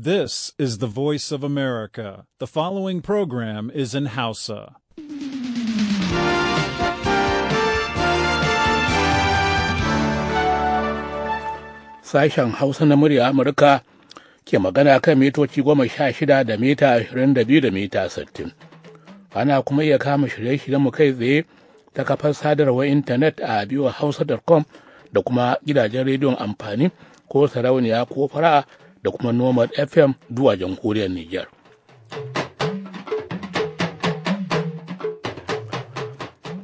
This is the voice of America. The following program is in Hausa. Sashen Hausa na murya Amurka ke magana kan mitoci goma sha shida da mita ashirin da biyu da mita sittin. Ana kuma iya kama shirye-shiryen mu kai tsaye ta kafar sadarwar intanet a biyuwa hausa.com da kuma gidajen rediyon amfani ko sarauniya ko fara'a da kuma nomad fm zuwa jamhuriyar nijar.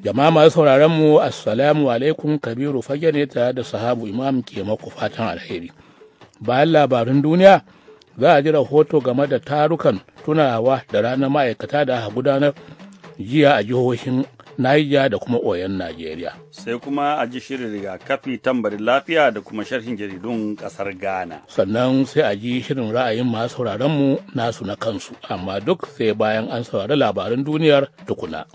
jama'a masu sauraron mu assalamu alaikum kabiru fage ne tare da sahabu imam ke maku fatan alheri bayan labarin duniya za a ji rahoto game da tarukan tunawa da ranar ma'aikata da aka gudanar jiya a jihohin Niger da kuma Oyon Najeriya. Sai kuma a ji shirin rigakafi tambarin lafiya da kuma sharhin jaridun kasar Ghana. Sannan sai a ji shirin ra'ayin masu mu nasu na kansu, amma duk sai bayan an saurari labaran duniyar tukuna.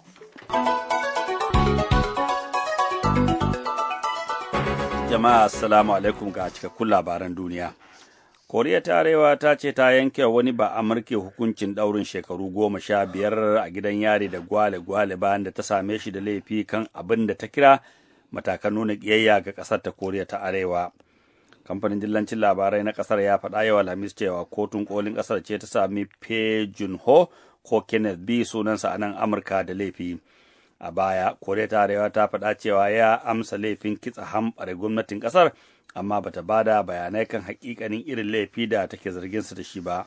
Jama'a, Assalamu alaikum ga cikakkun labaran duniya. koriya ta arewa ta ce ta yanke wani ba amurke hukuncin ɗaurin shekaru goma sha biyar a gidan yari da gwale-gwale bayan da ta same shi da laifi kan abin da ta kira matakan nuna kiyayya ga ƙasar ta koriya ta arewa kamfanin dillancin labarai na ƙasar ya faɗa yawa lamis cewa kotun kolin ƙasar ce ta sami pejun ho ko kenneth b sunansa a nan amurka da laifi a baya koriya ta arewa ta faɗa cewa ya amsa laifin kitsa hamɓare gwamnatin ƙasar amma bata bada bayanai kan hakikanin irin laifi da take zargin su da shi ba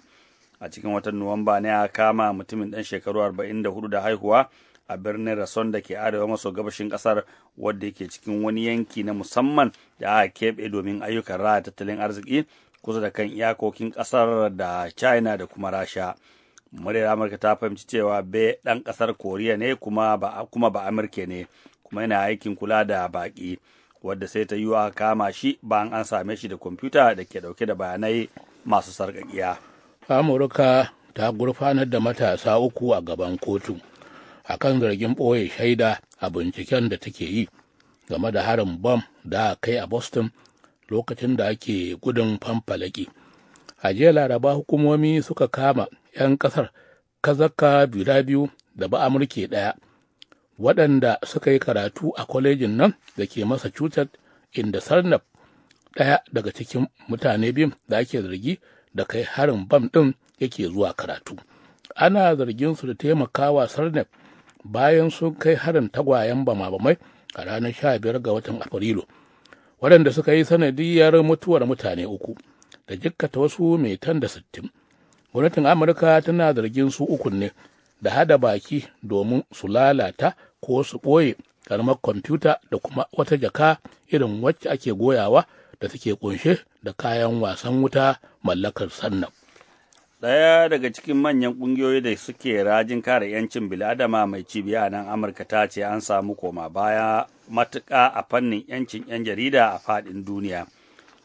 a cikin watan nuwamba ne a kama mutumin dan shekaru 44 da haihuwa a birnin rason da ke arewa maso gabashin kasar wadda yake cikin wani yanki na musamman da aka keɓe domin ayyukan raya tattalin arziki kusa da kan iyakokin kasar da china da kuma rasha muryar amurka ta fahimci cewa be dan kasar koriya ne kuma ba amurke ne kuma yana aikin kula da baki. wadda sai ta yi wa kama shi bayan an same shi da kwamfuta da ke dauke da bayanai masu sarƙaƙiya. amurka ta gurfanar da matasa uku a gaban kotu a kan zargin ɓoye shaida a binciken da take yi game da harin bom da kai a boston lokacin da ake gudun fanfalaki a jiya laraba hukumomi suka kama 'yan ƙasar kazaka guda biyu da ba amurke ɗaya waɗanda suka yi karatu a kwalejin nan da ke Massachusetts inda sarnaf ɗaya daga cikin mutane biyun da ake zargi da kai harin bam ɗin yake zuwa karatu. Ana zargin su da taimakawa sarnaf bayan sun kai harin tagwayen bama-bamai a ranar 15 ga watan Afrilu, waɗanda suka yi sanadiyar mutuwar mutane uku da jikkata wasu mai tan da sittin. Gwamnatin Amurka tana zargin su ukun ne da hada baki domin su lalata ko su ɓoye karamar kwamfuta da kuma wata jaka irin wacce ake goyawa da take kunshe da kayan wasan wuta mallakar sannan. Ɗaya daga cikin manyan ƙungiyoyi da suke rajin kare 'yancin biladama mai cibiya a nan Amurka ta ce an samu koma baya matuƙa a fannin 'yancin 'yan jarida a faɗin duniya.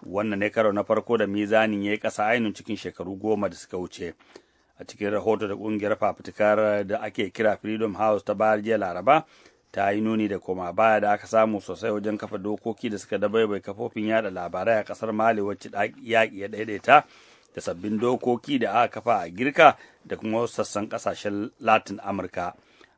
Wannan ne karo na farko da mizanin ya yi ƙasa ainihin cikin shekaru goma da suka wuce. a cikin rahoto da ƙungiyar fafutukar da ake kira freedom house ta bayar jiya laraba ta yi nuni da koma baya da aka samu sosai wajen kafa dokoki da suka dabaibai kafofin yada labarai a ƙasar mali wacce yaƙi ya daidaita da sabbin dokoki da aka kafa a girka da kuma sassan ƙasashen latin amurka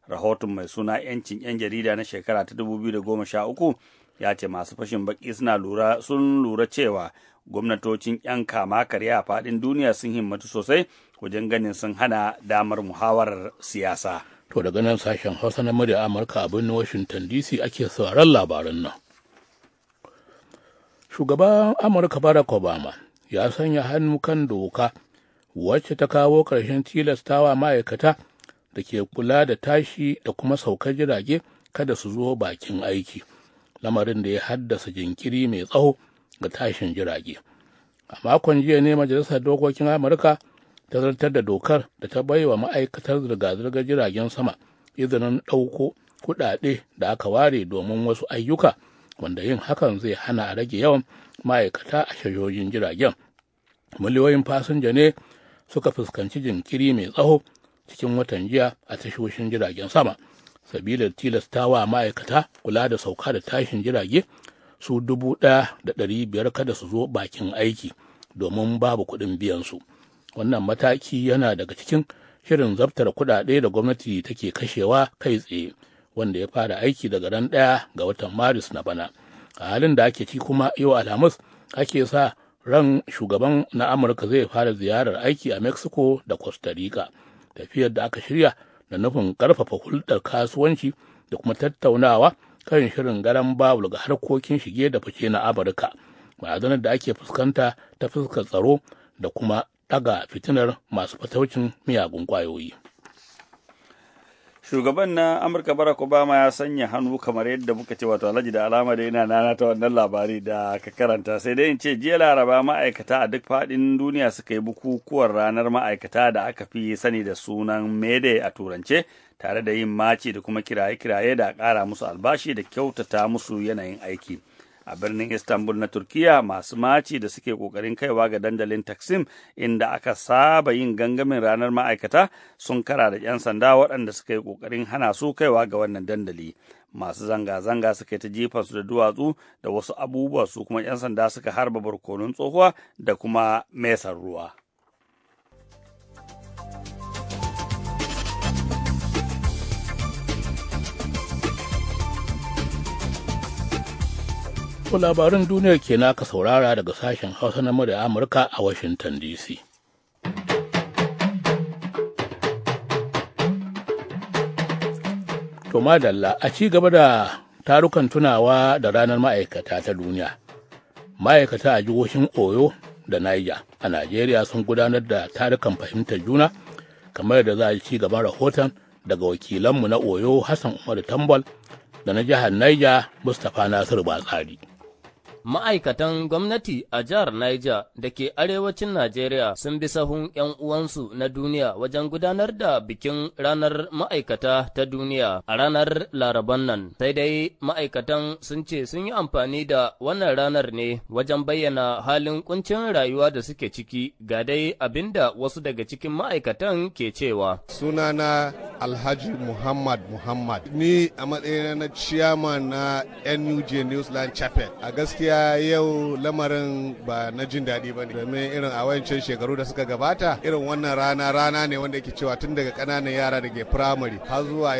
rahoton mai suna 'yancin 'yan jarida na shekara ta 2013 ya ce masu fashin baki suna lura sun lura cewa gwamnatocin 'yan kama karya a faɗin duniya sun himmatu sosai wajen ganin sun hana damar muhawarar siyasa. To daga nan sashen Hausa na murya Amurka a birnin Washington DC ake sauraron labaran nan. Shugaban Amurka Barack Obama ya sanya hannu kan doka wacce ta kawo ƙarshen tilastawa ma'aikata da ke kula da tashi da kuma saukar jirage kada su zo bakin aiki, lamarin da ya haddasa jinkiri mai tsawo ga tashin jirage. A makon jiya ne Majalisar Dokokin Amurka ta zartar da dokar da ta bai wa ma'aikatar zirga-zirgar jiragen sama izinin ɗauko kuɗaɗe da aka ware domin wasu ayyuka wanda yin hakan zai hana a rage yawan ma'aikata a shayoyin jiragen miliyoyin fasinja ne suka fuskanci jinkiri mai tsaho cikin watan jiya a tashoshin jiragen sama sabila tilastawa ma'aikata kula da sauka da tashin jirage su dubu ɗaya da ɗari biyar kada su zo bakin aiki domin babu kuɗin biyansu. su wannan mataki yana daga cikin shirin zabtar kuɗaɗe da gwamnati take kashewa kai tsaye wanda ya fara aiki daga ran ɗaya ga watan maris na bana a halin da ake ci kuma yau alhamis ake sa ran shugaban na amurka zai fara ziyarar aiki a mexico da costa rica tafiyar da aka shirya da nufin ƙarfafa hulɗar kasuwanci da kuma tattaunawa kan shirin garan babul ga harkokin shige da fice na amurka ma'adanar da ake fuskanta ta fuskar tsaro da kuma ɗaga fitinar masu fataucin miyagun kwayoyi. shugaban na amurka barack obama ya sanya hannu kamar yadda muka ce wato alhaji da alama da yana nana ta wannan labari da ka karanta sai dai in ce jiya laraba ma'aikata a duk faɗin duniya suka yi bukukuwar ranar ma'aikata da aka fi sani da sunan mede a turance tare da yin maci da kuma kiraye-kiraye da kara musu albashi da kyautata musu yanayin aiki a birnin Istanbul na Turkiya masu maci da suke kokarin kaiwa ga dandalin Taksim inda aka saba yin gangamin ranar ma'aikata sun kara da 'yan sanda waɗanda suka yi kokarin hana su kaiwa ga wannan dandali. masu zanga-zanga suka yi ta su da duwatsu da wasu abubuwa su kuma 'yan sanda suka harba barkonun tsohuwa da kuma mesar ruwa. To labarin duniyar ke ka saurara daga sashen Hausa na da Amurka a Washington DC. To madalla a ci gaba da tarukan tunawa da ranar ma'aikata ta duniya. Ma'aikata a jihohin Oyo da Niger a Najeriya sun gudanar da tarukan fahimtar juna kamar da za a ci gaban rahoton daga wakilanmu na Oyo Hassan Umaru Tambal da na jihar Niger Mustapha Nasiru Batsari. Ma'aikatan gwamnati a jihar Niger da ke arewacin Najeriya sun bi sahun 'yan uwansu na duniya wajen gudanar da bikin ranar ma'aikata ta duniya a ranar Laraban nan. Sai dai ma'aikatan sun ce sun yi amfani da wannan ranar ne wajen bayyana halin kuncin rayuwa da suke ciki ga dai abin da wasu daga cikin ma'aikatan ke cewa. Sunana Alhaji Muhammad Muhammad ni a matsayin na ciyama na NUJ Newsland Chapel a gaskiya yau lamarin ba na jin daɗi ba ne domin irin a wancan shekaru da suka gabata irin wannan rana rana ne wanda yake cewa tun daga ƙananan yara da ke firamare har zuwa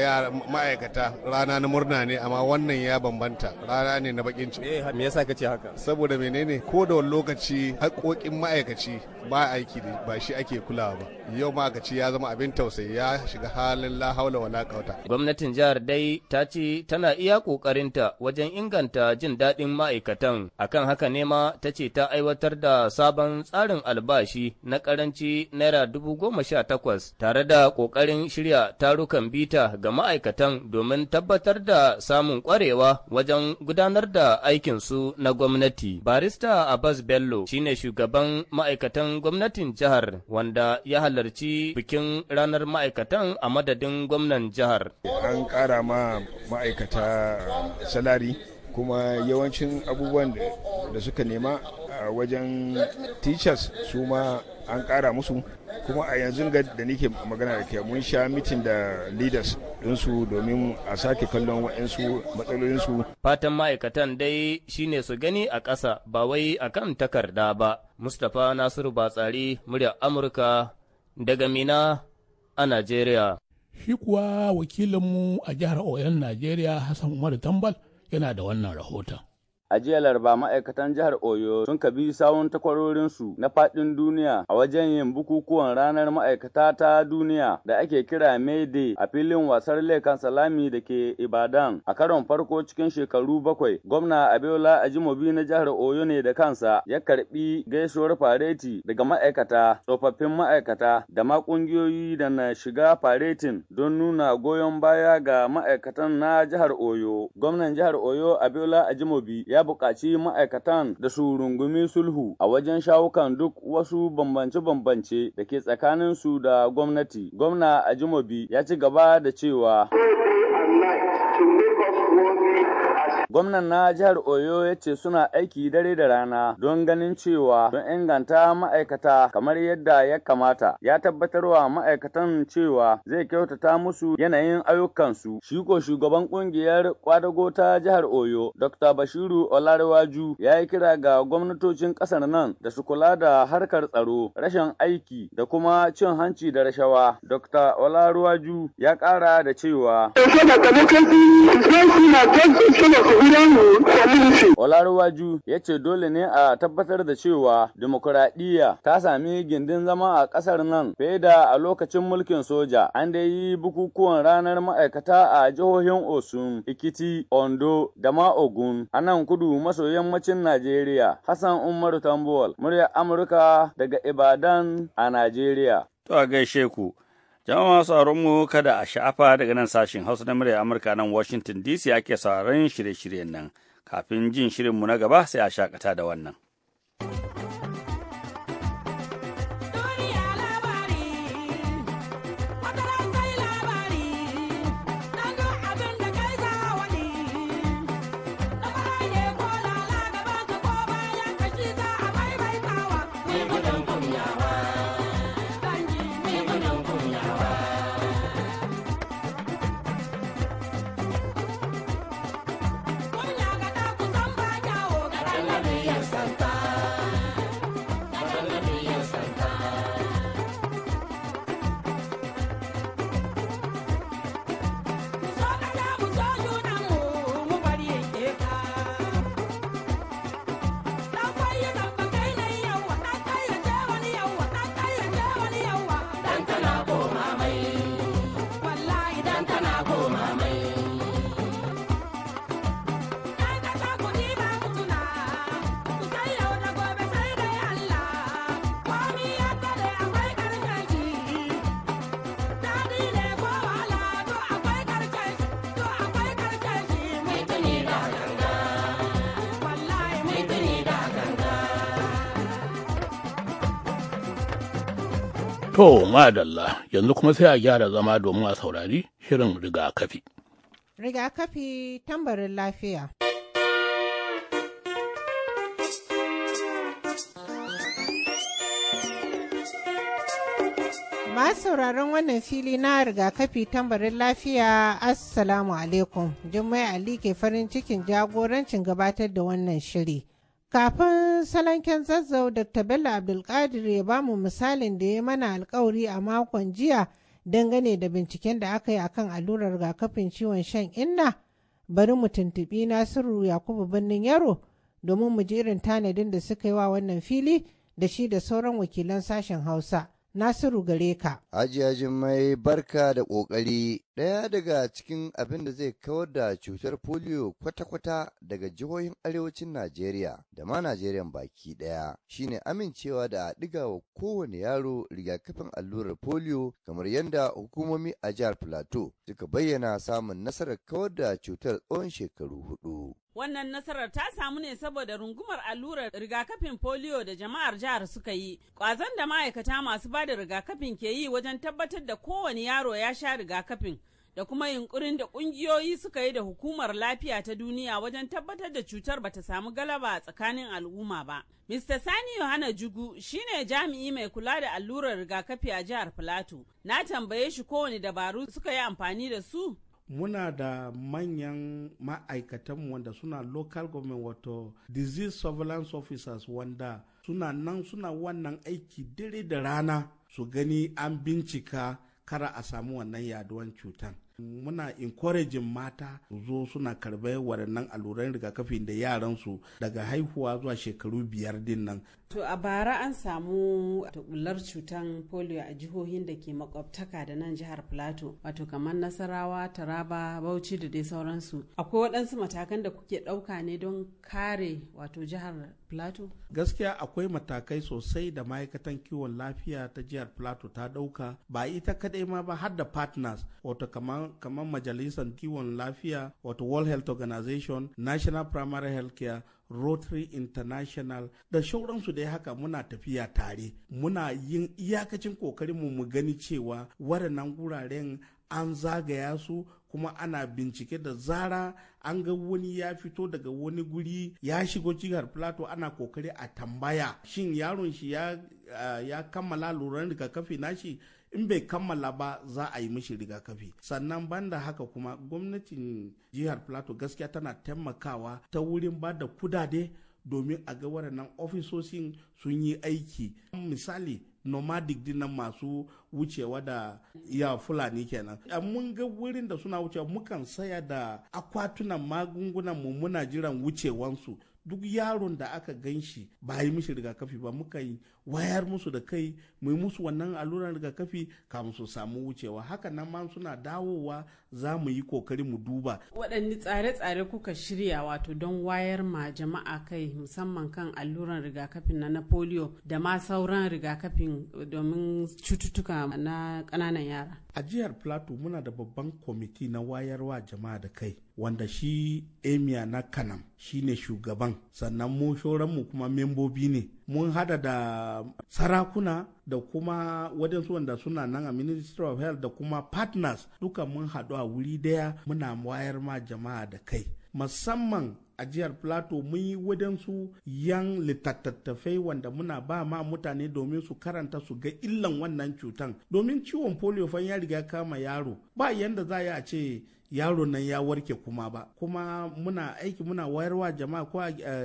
ma'aikata rana na murna ne amma wannan ya bambanta rana ne na bakin ciki. Eh, me yasa ce haka? Saboda menene ko da wani lokaci haƙoƙin ma'aikaci ba aiki ne ba shi ake kulawa ba. Yau ma'aikaci ya zama abin tausayi ya shiga halin la haula wala kauta. Gwamnatin jihar dai ta ce tana iya ƙoƙarinta wajen inganta jin daɗin ma'aikatan akan haka nema ta ce ta aiwatar da sabon tsarin albashi na karanci naira dubu goma sha takwas tare da ƙoƙarin shirya tarukan bita ga ma'aikatan domin tabbatar da samun ƙwarewa wajen gudanar da aikinsu na gwamnati. Barista Abbas Bello shine shugaban ma'aikatan gwamnatin jihar wanda ya halarci bikin ranar ma'aikatan a madadin gwamnan jihar. An ƙara ma ma'aikata salari kuma yawancin abubuwan da suka nema a wajen teachers su ma an ƙara musu kuma a yanzu da nake magana da ke mun sha mitin da leaders su domin a sake kallon matsalolin su. Fatan ma'aikatan dai shine su gani a ƙasa ba wai a kan takarda ba. Mustapha Nasiru Batsari muryar Amurka daga Mina a Najeriya. Shi kuwa wakilinmu a jihar Oyon Najeriya Hassan Umar Tambal yana da wannan rahoton A jiya Laraba ma'aikatan jihar Oyo sun kabi sawun takwarorinsu na faɗin duniya a wajen yin bukukuwan ranar ma'aikata ta duniya da ake kira May Day a filin wasar Lekan Salami da ke Ibadan. A karon farko cikin shekaru bakwai, gwamna Abiola Ajimobi na jihar Oyo ne da kansa ya karbi gaisuwar fareti daga ma'aikata, tsofaffin ma'aikata da ma ƙungiyoyi da na shiga faretin don nuna goyon baya ga ma'aikatan na jihar Oyo. Gwamnan jihar Oyo Abiola Ajimobi ya ya buƙaci ma'aikatan da su rungumi sulhu a wajen shawukan duk wasu bambance-bambance da ke tsakanin su da gwamnati. Gwamna Ajimobi ya ci gaba da cewa. Gwamnan na jihar Oyo ya ce suna aiki dare da rana don ganin cewa don inganta ma'aikata kamar yadda ya kamata. Ya tabbatarwa ma'aikatan cewa zai kyautata musu yanayin ayyukansu. Shi ko shugaban kungiyar kwadago ta jihar Oyo, Dr. Bashiru Olarewaju ya yi kira ga gwamnatocin ƙasar nan da su kula da harkar tsaro, rashin aiki da kuma cin hanci da rashawa. Dr. Olarewaju ya ƙara da cewa. Olarwaju ya ce dole ne a tabbatar da cewa demokuraɗiyya ta sami gindin zama a ƙasar nan fiye da a lokacin mulkin soja. An dai yi bukukuwan ranar ma'aikata a jihohin Osun, Ikiti, Ondo da ma Ogun a nan kudu maso yammacin Najeriya. Hassan Umaru Tambuwal, murya Amurka daga Ibadan a Najeriya. To a gaishe ku. Jama'a masu mu kada a sha'afa daga nan sashin Hausa na murya Amurka nan Washington DC ake sauraron shirye-shiryen nan. Kafin jin shirinmu na gaba sai a shakata da wannan. To, madalla, yanzu kuma sai a gyara zama domin a saurari shirin rigakafi. Rigakafi tambarin lafiya. masu sauraron wannan fili na rigakafi tambarin lafiya assalamu alaikum jummai ali ke farin cikin jagorancin gabatar da wannan shiri Kafin salanken zazzau Dr. Bello Abdulkadir ya ba mu misalin da ya mana alkawari a makon jiya dangane da binciken da aka yi akan allurar rigakafin ciwon shan inna bari mu tuntuɓi Nasiru Yakubu birnin Yaro domin mu ji irin tanadin da suka yi wa wannan fili da shi da sauran wakilan sashen Hausa. Nasiru gare ka. Aji mai barka da ƙoƙari daya daga cikin abin da zai kawar da cutar polio kwata-kwata daga jihohin arewacin Najeriya da ma Najeriya baki daya shine amincewa da a wa kowane yaro rigakafin allurar polio kamar yadda hukumomi a jihar Plateau suka bayyana samun nasarar kawar da cutar tsawon shekaru hudu. Wannan nasarar ta samu ne saboda rungumar allurar rigakafin polio da jama'ar jihar suka yi. Kwazon da ma'aikata masu ba da rigakafin ke yi wajen tabbatar da kowane yaro ya sha rigakafin da kuma yunkurin da kungiyoyi suka yi da hukumar lafiya ta duniya wajen tabbatar da cutar bata samu galaba a tsakanin al'umma ba. Mr. Sani Yohana Jugu shine jami'i mai kula da allurar rigakafi a jihar Filato. Na tambaye shi kowane dabaru suka yi amfani da su. Muna da manyan ma'aikatanmu wanda suna local government wato disease surveillance officers wanda suna nan suna wannan aiki dare da rana su gani an bincika kara a samu wannan yaduwan cutan. muna encouraging mata su zo suna karɓar waɗannan alluran rigakafi da yaransu daga haihuwa zuwa shekaru biyar din nan To a bara an samu bullar cutar polio a jihohin da ke makwabtaka da nan jihar Plateau, wato kamar Nasarawa, Taraba, Bauchi da dai sauransu. Akwai waɗansu matakan da kuke ɗauka ne don kare wato jihar Plateau? Gaskiya akwai matakai sosai da ma'aikatan kiwon lafiya ta jihar plato ta ɗauka, ba ita kadai ma ba har da partners, wato kamar kamar majalisar kiwon lafiya, wato World Health Organization, National Primary Health Care, rotary international da shauransu dai haka muna tafiya tare muna yin iyakacin kokarinmu mu gani cewa waɗannan wuraren an zagaya su kuma ana bincike da zara an ga wani ya fito daga wani guri ya shigo jihar plateau ana kokari a tambaya shin yaron shi ya, uh, ya kammala luran rigakafi nashi in bai kammala ba za a yi mishi rigakafi sannan banda haka kuma gwamnatin jihar plateau gaskiya tana taimakawa ta wurin ba da kudade domin a ga waɗannan ofisoshin sun yi aiki misali nomadic din nan masu wucewa da ya fulani kenan mun ga wurin da suna wucewa mukan saya da akwatunan magungunan mu muna jiran su duk yaron da aka gan shi ba yi mishi rigakafi ba muka yi wayar musu da kai mu musu wannan alluran rigakafi kafin su samu wucewa haka nan ma suna dawowa za mu yi kokari mu duba waɗanne tsare-tsare kuka shirya wato don wayar ma jama'a kai musamman kan alluran rigakafin na na polio da ma sauran rigakafin domin cututtuka na ƙananan yara. A jihar Plateau muna da babban kwamiti na wayarwa jama'a da kai wanda shi emia na kanam ne shugaban sannan mu mu kuma membobi ne mun hada da sarakuna da kuma waɗansu wanda suna nan a ministry of health da kuma partners duka mun hadu a wuri daya muna wayar ma jama'a da kai musamman a jihar plato mun yi wadansu yan littattafai wanda muna ba ma mutane domin su karanta su ga illan wannan cutan domin ciwon polio fan ya riga kama yaro ba yanda za a ce yaron nan ya warke kuma ba kuma muna aiki muna wayarwa jama'a ko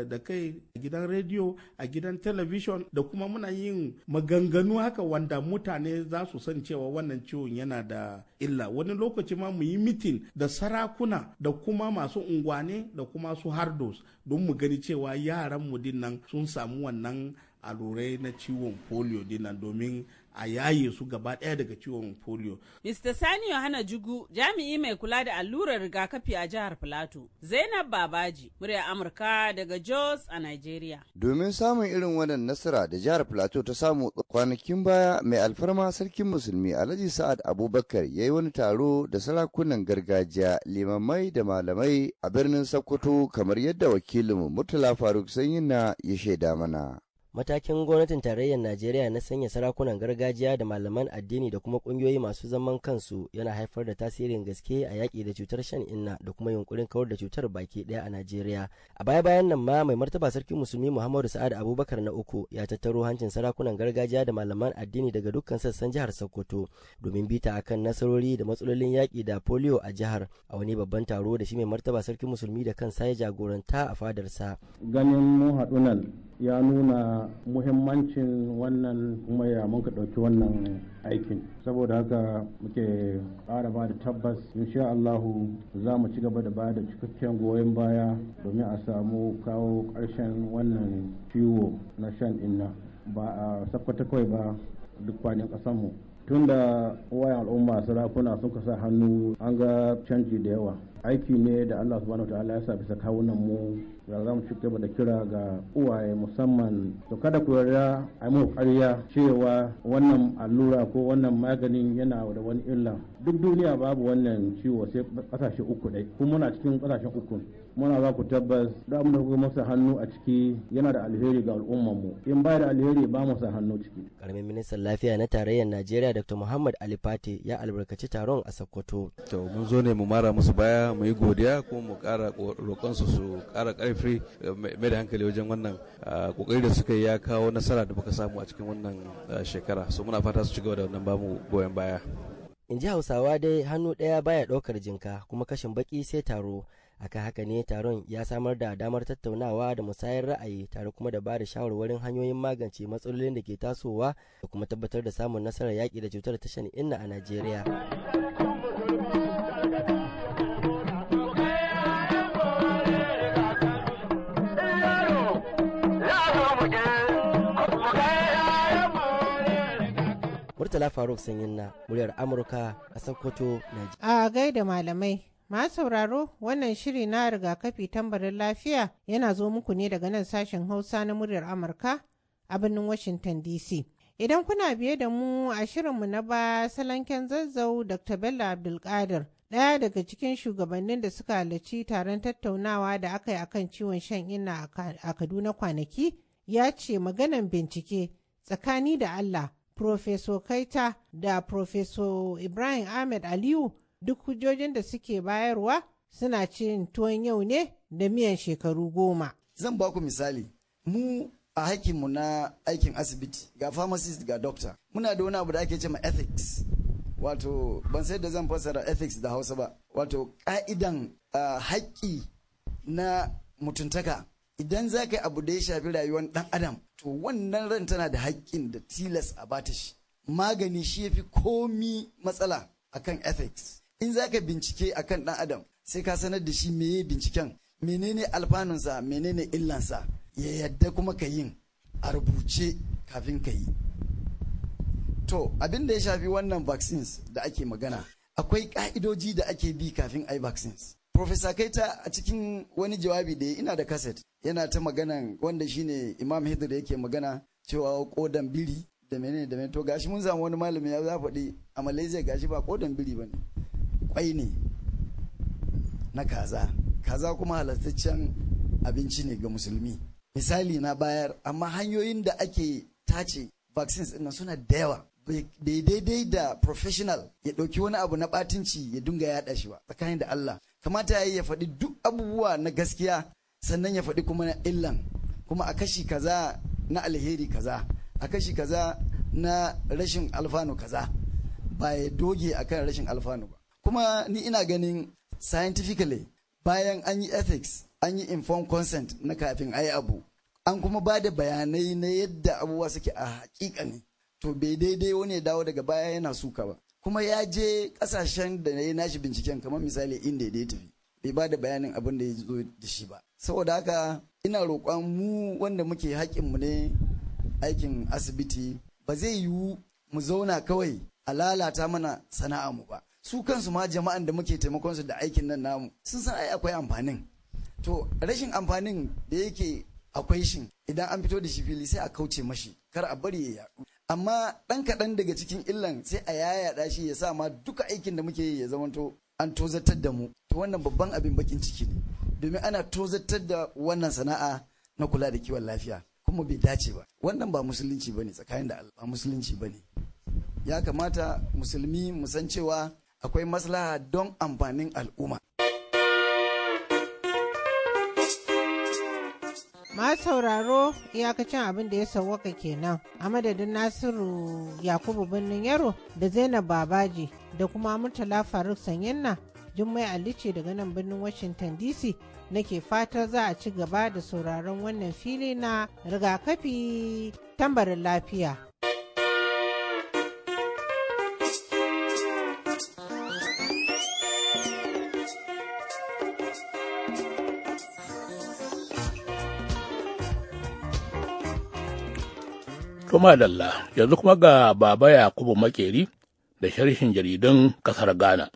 da kai a gidan rediyo a gidan television da kuma muna yin maganganu haka wanda mutane za su san cewa wannan ciwon yana da illa wani lokaci ma mu yi mitin da sarakuna da kuma masu unguwane da kuma su hardos don mu gani cewa yaran mu din nan sun samu wannan allurai na ciwon polio din nan domin a yaye su gaba ɗaya daga ciwon polio. Mr. Sani Yohana Jugu jami'i mai kula da allurar rigakafi a jihar Filato. Zainab Babaji murya Amurka daga Jos a Nigeria. Domin samun irin wannan nasara da jihar Filato ta samu kwanakin baya mai alfarma sarkin musulmi Alhaji Sa'ad Abubakar ya yi wani taro da sarakunan gargajiya limamai da malamai a birnin Sokoto kamar yadda wakilin Murtala Faruk Sanyina ya shaida mana. matakin gwamnatin tarayyar najeriya na sanya sarakunan gargajiya da malaman addini da kuma kungiyoyi masu zaman kansu yana haifar da tasirin gaske a yaƙi da cutar shan inna da kuma yunkurin kawar da cutar baki ɗaya a najeriya a baya bayan nan ma mai martaba Sarkin musulmi muhammadu sa'ad abubakar na uku ya tattaro hancin sarakunan gargajiya da malaman addini daga dukkan sassan jihar sokoto domin bita akan nasarori da matsalolin yaƙi da polio a jihar a wani babban taro da shi mai martaba Sarkin musulmi da kansa ya jagoranta a fadarsa ganin mu haɗunan ya nuna muhimmancin wannan kuma ya muka ɗauki wannan aikin saboda haka muke ƙara ba da tabbas insha Allahu za mu ci gaba da ba da cikakken goyon baya domin a samu kawo ƙarshen wannan ciwo na shan inna ba a sakwata kawai ba duk kwanin ƙasanmu tun da wayan al'umma sarakuna sun sa hannu an ga canji da yawa aiki ne da Allah subhanahu wa ta'ala ya sa bisa kawunan mu za mu ci gaba da kira ga uwaye musamman to kada ku yarda a mu ƙarya cewa wannan allura ko wannan maganin yana da wani illa duk duniya babu wannan ciwo sai ƙasashe uku dai kuma muna cikin ƙasashen uku muna za ku tabbas da mu ga masa hannu a ciki yana da alheri ga al'ummar mu in ba da alheri ba mu sa hannu ciki karamin ministan lafiya na tarayyar Najeriya Dr. Muhammad Ali Fate ya albarkaci taron a Sokoto to mun zo ne mu mara musu baya mu yi godiya kuma mu ƙara roƙon su su ƙara referee eh, mai da hankali wajen wannan ah, kokari da suka yi ya kawo nasara da muka samu a cikin wannan ah, shekara so muna fata su ci gaba da wannan bamu goyon baya in ji hausawa dai hannu ɗaya baya ɗaukar jinka kuma kashin baki sai taro akan haka ne taron ya samar da damar tattaunawa da musayar ra'ayi tare kuma da ba da shawarwarin hanyoyin magance matsalolin da ke tasowa da kuma tabbatar da samun nasarar yaƙi da cutar tashan inna a najeriya Murtala Faruk Sanyin na muryar Amurka a Sokoto, Najeriya. A gaida malamai, ma sauraro wannan shiri na rigakafi tambarin lafiya yana zo muku ne daga nan sashen Hausa na muryar Amurka a birnin Washington DC. Idan kuna biye da mu a shirinmu na ba salon salanken zazzau Dr. Bello Abdulkadir ɗaya daga cikin shugabannin da suka halarci taron tattaunawa da aka yi akan ciwon shan inna a Kaduna kwanaki ya ce maganan bincike tsakani da Allah Profeso Kaita da Profeso Ibrahim Ahmed Aliyu duk hujjojin da suke bayarwa suna cin tuwon yau ne da miyan shekaru goma. Zan ba ku misali, mu a hakinmu na aikin asibiti ga pharmacist ga doctor muna da wani abu da ake ce ma ethics wato ban sai da zan fassara ethics da hausa ba wato ka'idan uh, haƙƙi na mutuntaka idan za ka yi abu da ya shafi rayuwar ɗan adam to wannan ran tana da haƙƙin da tilas a bata shi magani shi ya fi komi matsala akan ethics in za ka bincike akan ɗan adam sai ka sanar da shi me meye binciken menene alfanunsa menene illansa ya yadda kuma ka yin a rubuce kafin ka yi to abin da ya shafi wannan vaccines da ake magana akwai ka'idoji da ake bi kafin ai vaccines profesa Kaita a cikin wani jawabi da ina da kaset yana ta magana wanda shine Imam Hidir yake magana cewa kodan biri da mene da mene to gashi mun samu wani malami ya za faɗi a Malaysia gashi ba kodan biri ne. kwai ne na kaza kaza kuma halastaccen abinci ne ga musulmi misali na bayar amma hanyoyin da ake tace vaccines suna da yawa bai daidai da professional ya ɗauki wani abu na ɓatinci ya dinga yaɗa shi ba tsakanin da Allah kamata ya yi ya faɗi duk abubuwa na gaskiya sannan ya faɗi kuma na illan kuma a kashi kaza na alheri kaza a kashi kaza na rashin alfanu kaza ba ya doge akan rashin alfanu ba kuma ni ina ganin scientifically bayan an yi ethics an yi informed consent na kafin a yi abu an kuma ba da bayanai na yadda abubuwa suke a hakika ne to bai daidai wani ya dawo daga baya yana suka ba kuma ya je kasashen da ya nashi binciken kamar misali inda ya tafi bai ba da bayanin abin da ya zo da shi ba saboda haka ina roƙon mu wanda muke mu ne aikin asibiti ba zai yiwu mu zauna kawai a lalata mana sana'a mu ba su kansu ma jama'an da muke taimakon su da aikin nan namu sun san ai akwai amfanin to rashin amfanin da yake akwai shin idan an fito da shi fili sai a kauce mashi kar a bari ya yaɗu amma ɗan kaɗan daga cikin illan sai a yayaɗa shi ya sa ma duka aikin da muke yi ya zamanto an tozartar da mu to wannan babban abin bakin ciki ne domin ana tozartar da wannan sana'a na kula da kiwon lafiya kuma bai dace ba wannan ba musulunci bane tsakanin da ba musulunci bane ya kamata musulmi mu san cewa akwai maslaha don amfanin al'umma Ma sauraro iyakacin abin da ya sauwaka kenan a madadin Nasiru Yakubu Birnin Yaro da Zainab Babaji da kuma Murtala Faruk sanyanna Jummai Alice daga nan birnin Washington DC nake fata za a ci gaba da sauraron wannan fili na rigakafi tambarin lafiya. To madalla yanzu kuma ga Baba Yakubu Makeri da sharhin jaridan ƙasar Ghana.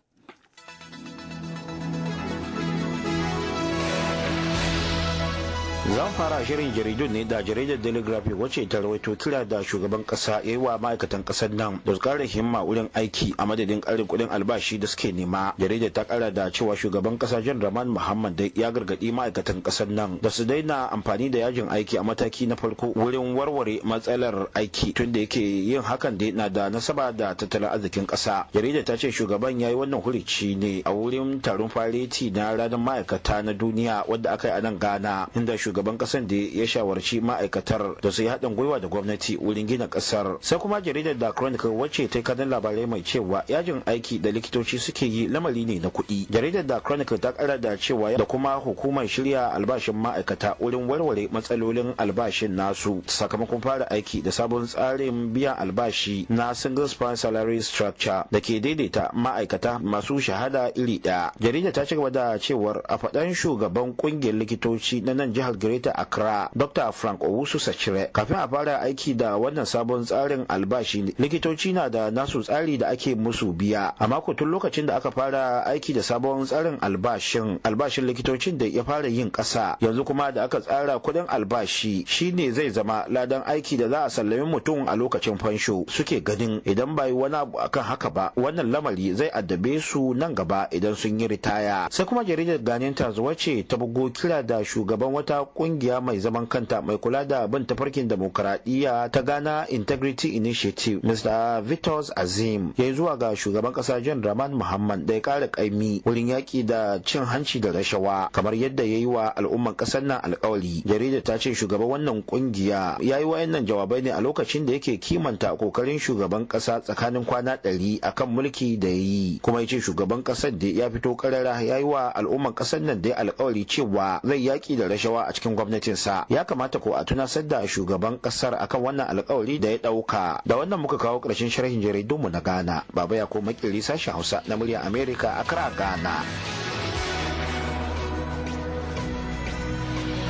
zan fara shirin jaridu ne da jaridar telegraphy wacce ta rawaito kira da shugaban kasa ya yi wa ma'aikatan kasar nan da su kara himma wurin aiki a madadin karin kudin albashi da suke nema jaridar ta kara da cewa shugaban kasa jan raman muhammad ya gargadi ma'aikatan kasar nan da su daina amfani da yajin aiki a mataki na farko wurin warware matsalar aiki tun da yake yin hakan da na da nasaba da tattalin arzikin kasa jaridar ta ce shugaban ya yi wannan hurici ne a wurin taron fareti na ranar ma'aikata na duniya wadda aka yi a nan gana inda shugaban shugaban kasan da ya shawarci ma'aikatar da su yi haɗin gwiwa da gwamnati wurin gina kasar sai kuma jaridar da chronicle wacce ta kadan labarai mai cewa yajin aiki da likitoci suke yi lamari ne na kuɗi jaridar da chronicle ta ƙara da cewa da kuma hukumar shirya albashin ma'aikata wurin warware matsalolin albashin nasu sakamakon fara aiki da sabon tsarin biyan albashi na single span salary structure da ke daidaita ma'aikata masu shahada iri ɗaya jaridar ta ci gaba da cewar a faɗan shugaban ƙungiyar likitoci na nan jihar a Accra Dr. Frank Owusu Sachire kafin a fara aiki da wannan sabon tsarin albashi likitoci na da nasu tsari da ake musu biya a mako tun lokacin da aka fara aiki da sabon tsarin albashin albashin likitocin da ya fara yin ƙasa yanzu kuma da aka tsara kuɗin albashi shi ne zai zama ladan aiki da za a sallami mutum a lokacin fansho suke ganin idan bai wani abu akan haka ba wannan lamari zai addabe su nan gaba idan sun yi ritaya sai kuma jaridar ganin tazuwa ce ta bugo kira da shugaban wata kungiya mai zaman kanta mai kula da bin tafarkin demokuraɗiyya ta Ghana Integrity Initiative Mr. Vitos Azim ya yi zuwa ga shugaban ƙasa John Rahman Muhammad da ya ƙara ƙaimi wurin yaƙi da cin hanci da rashawa kamar yadda ya yi wa al'umman ƙasar nan alƙawari. Jarida ta ce shugaban wannan kungiya ya yi wayannan jawabai ne a lokacin da yake kimanta kokarin shugaban ƙasa tsakanin kwana ɗari a kan mulki da ya yi kuma ya ce shugaban ƙasar da ya fito ƙarara ya yi wa al'umman ƙasar nan da ya alƙawari cewa zai yaƙi da rashawa a cikin cikin gwamnatinsa ya kamata ko a tunasar da shugaban kasar akan wannan alkawari da ya dauka da wannan muka kawo karshen sharhin jaridunmu na Ghana baba ya ko makiri sashen Hausa na muryar America a kara Ghana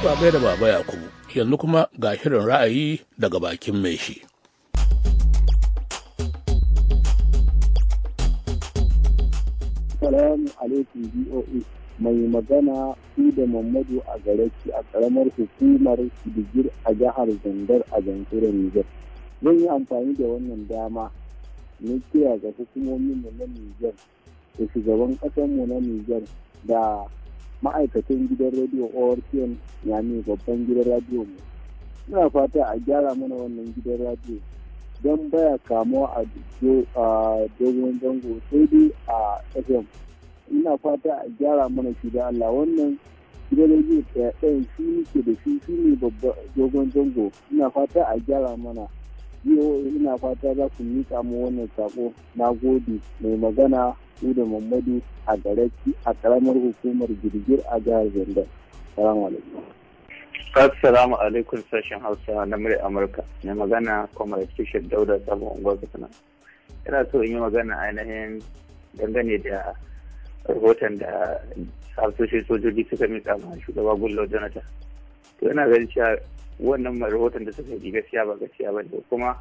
Baba da Baba ku yanzu kuma ga shirin ra'ayi daga bakin mai shi Salamu alaikum mai magana da Muhammadu a garaki a karamar hukumar Kidigir a jihar Zandar a jamhuriyar Nijar. Zan yi amfani da wannan dama na kira ga hukumomin na Nijar da shugaban ƙasar mu na Nijar da ma'aikatan gidan rediyo ORTN ya ne babban gidan radiyo mu. Ina fata a gyara mana wannan gidan radiyo don baya kamuwa a dogon zango sai dai a FM ina fata a gyara mana shi da Allah wannan gidan rediyo ɗaya ɗayan shi nike da shi shi ne babba dogon jango ina fata a gyara mana yau ina fata za ku miƙa mu wannan sako na gode mai magana da Mamadu a garaki a karamar hukumar girgir a jihar zanda Salamu alaikum. Assalamu alaikum sashen Hausa na murya Amurka. Mai magana Comrade tushen Dauda sabon Ungwa Ina so in yi magana ainihin dangane da rahoton da hafsoshin sojoji suka mitsa ma shugaba gullo jonathan to yana ganin cewa wannan rahoton da suka yi gaskiya ba gaskiya ba ne kuma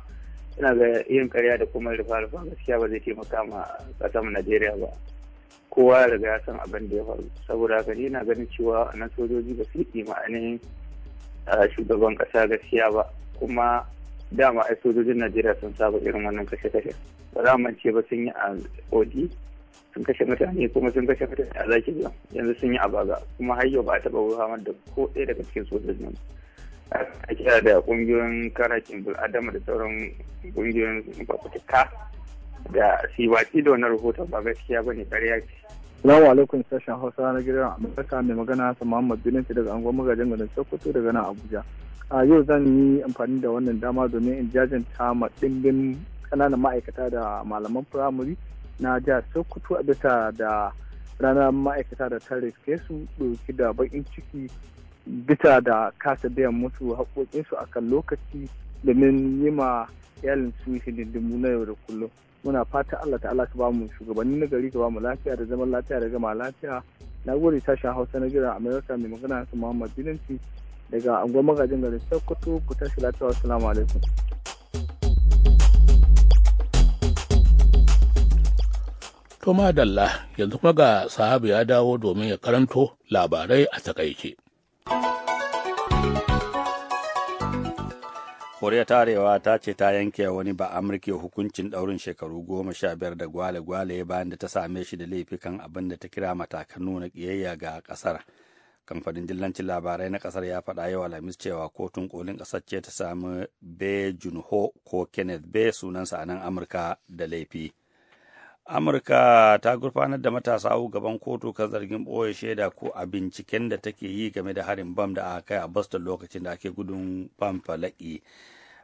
yana ga yin karya da kuma rufa-rufa gaskiya ba zai taimaka ma kasar najeriya ba kowa ya riga ya san abin da ya faru saboda haka yana ganin cewa na sojoji ba su yi ma'anin shugaban kasa gaskiya ba kuma dama ai sojojin najeriya sun saba irin wannan kashe-kashe ba za mu ce ba sun yi a odi sun kashe mutane kuma sun kashe mutane a zaki biyu yanzu sun yi abaga kuma har yau ba a taɓa wuha da ko ɗaya daga cikin sojojin a kira da ƙungiyoyin karakin bil'adama da sauran ƙungiyoyin fafutuka da siwaki da wani rahoton ba gaskiya ba ne ƙarya ce. Salamu alaikum sashen Hausa na gidan Amurka mai magana ta Muhammad Binanci daga angon magajin garin Sokoto daga nan Abuja. A yau zan yi amfani da wannan dama domin in jajanta ma ɗimbin ƙananan ma'aikata da malaman firamare na jihar sokoto a bisa da ranar ma'aikata da ta riske su ɗauki da baƙin ciki bisa da kasa biyan musu haƙoƙinsu a kan lokaci domin yi ma iyalin su hidindimu na yau da kullum muna fata Allah ta'ala ka bamu shugabanni na gari ka bamu lafiya da zaman lafiya da gama lafiya na gode tashin hausa na jiran amerika mai magana su muhammad bilanci daga anguwar magajin garin sokoto ku tashi lafiya wasu alaikum To madalla yanzu kuma ga sahabu ya dawo domin ya karanto labarai a takaice. Koriya ta Arewa ta ce ta yanke wani ba Amurka hukuncin ɗaurin shekaru goma sha biyar da gwale-gwale bayan da ta same shi da laifi kan abin da ta kira matakan nuna ƙiyayya ga ƙasar. Kamfanin dillancin labarai na ƙasar ya faɗa yawa Alhamis cewa kotun kolin ƙasar ce ta sami bejunho Junho ko Kenneth Be sunansa a nan Amurka da laifi. Amurka ta gurfanar da matasa gaban kotu kan zargin ɓoye shaida ko a binciken da take yi game da harin bam da aka kai a Boston lokacin da ake gudun bam falaki.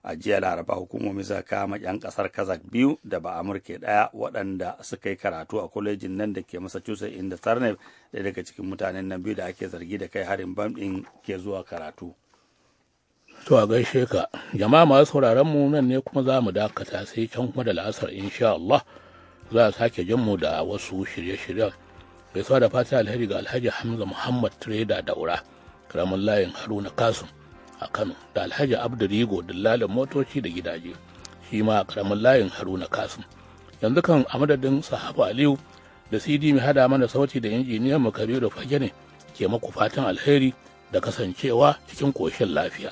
A jiya laraba hukumomi suka kama 'yan ƙasar Kazak biyu da ba Amurka ɗaya waɗanda suka yi karatu a kwalejin nan da ke Massachusetts inda Sarnef ɗaya daga cikin mutanen nan biyu da ake zargi da kai harin bam ɗin ke zuwa karatu. To a gaishe ka, jama'a masu sauraron mu nan ne kuma za mu dakata sai can kuma da la'asar insha Allah. za a sake jin mu da wasu shirye-shiryen sa da fata alheri ga alhaji hamza muhammad trader daura karamin layin haruna kasum a kano da alhaji abdurigo dillalin motoci da gidaje shi ma karamin layin haruna kasum yanzu kan a madadin sahabu aliyu da cd mai hada mana sauti da injiniyan mu kabiru fage ne ke maku fatan alheri da kasancewa cikin koshin lafiya.